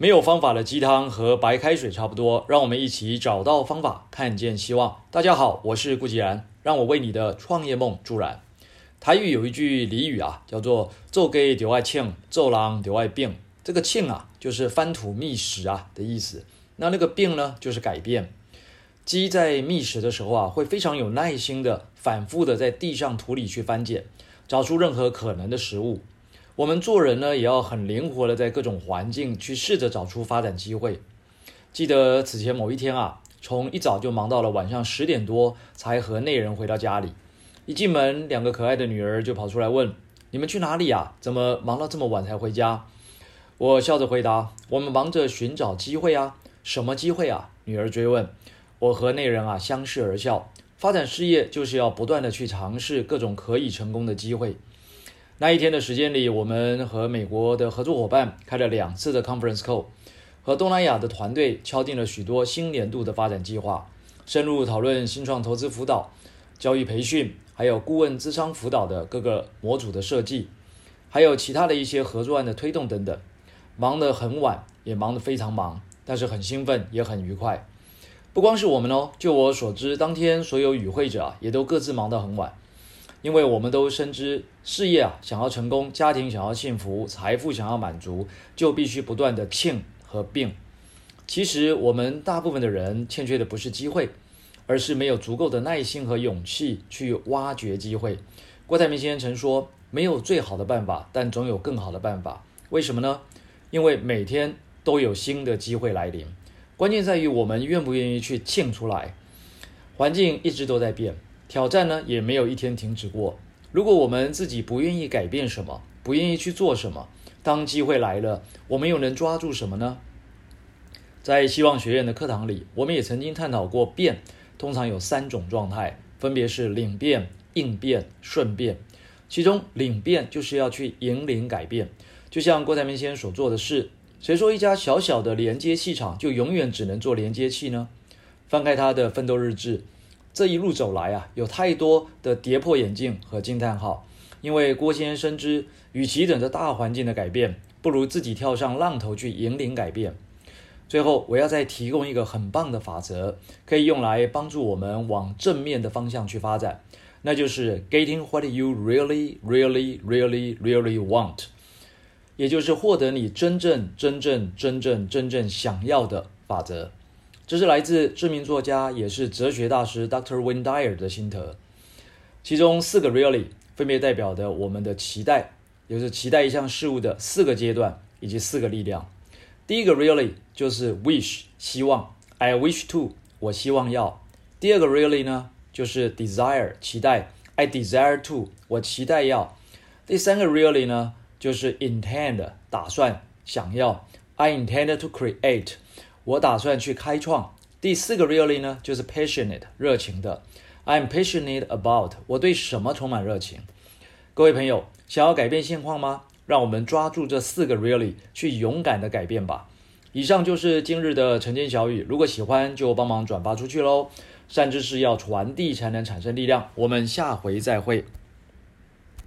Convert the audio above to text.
沒有方法的雞湯和白開水差不多，讓我們一起找到方法，看見希望。大家好，我是顧繼然，讓我為你的創業夢助燃。台語有一句俚語啊，叫做“做給鳥愛慶，做狼鳥愛病”。這個“慶”啊，就是翻土覓食啊的意思。那那個“病”呢，就是改變。雞在覓食的時候啊，會非常有耐心的，反覆的在地上土裡去翻撿，找出任何可能的食物。我們做人呢，也要很靈活的，在各種環境去試着找出發展機會。記得此前某一天啊，從一早就忙到了晚上十點多，才和內人回到家裡。一進門，兩個可愛的女兒就跑出來問：“你們去哪裡呀？怎麼忙到這麼晚才回家？”我笑着回答：“我們忙着尋找機會啊，什麼機會啊？”女兒追問。我和內人啊相視而笑。發展事業就是要不斷的去嘗試各種可以成功的機會。那一天的時間裡，我們和美國的合作夥伴開了兩次的 conference call，和東南亞的團隊敲定了許多新年度的發展計劃，深入討論新創投資輔導、教育培訓，還有顧問諮商輔導的各個模組的設計，還有其他的一些合作案的推動等等，忙得很晚，也忙得非常忙，但是很興奮，也很愉快。不光是我們哦，就我所知，當天所有與會者啊，也都各自忙得很晚。因為我們都深知，事業啊想要成功，家庭想要幸福，財富想要滿足，就必須不斷的拼和併。其實我們大部分的人欠缺的不是機會，而是沒有足夠的耐心和勇氣去挖掘機會。郭台銘先生曾說：“沒有最好的辦法，但總有更好的辦法。”為什麼呢？因為每天都有新的機會來臨，關鍵在於我們願不願意去拼出來。環境一直都在變。挑戰呢也沒有一天停止過。如果我們自己不願意改變什麼，不願意去做什麼，當機會來了，我們又能抓住什麼呢？在希望學院的課堂裡，我們也曾經探討過變，通常有三種狀態，分別是領變、應變、順變。其中領變就是要去引領改變，就像郭台銘先生所做的事。誰說一家小小的連接器廠就永遠只能做連接器呢？翻開他的奮鬥日誌。這一路走來啊，有太多的跌破眼鏡和驚嘆號。因為郭先生深知，與其等着大環境的改變，不如自己跳上浪頭去引領改變。最後，我要再提供一個很棒的法則，可以用來幫助我們往正面的方向去發展，那就是 getting what you really, really, really, really, really want，也就是獲得你真正、真正、真正、真正想要的法則。這是來自知名作家，也是哲學大師 Dr. Wayne Dyer 的心得。其中四個 really 分別代表的我們的期待，也就是期待一項事物的四個階段以及四個力量。第一個 really 就是 wish 希望，I wish to 我希望要。第二個 really 呢就是 desire 期待，I desire to 我期待要。第三個 really 呢就是 intend 打算想要，I intend to create。我打算去開創。第四個 really 呢，就是 passionate 熱情的。I'm passionate about 我對什麼充滿熱情。各位朋友，想要改變現況嗎？讓我們抓住這四個 really 去勇敢的改變吧。以上就是今日的晨間小語。如果喜歡，就幫忙轉發出去嘍。善知識要傳遞才能產生力量。我們下回再會。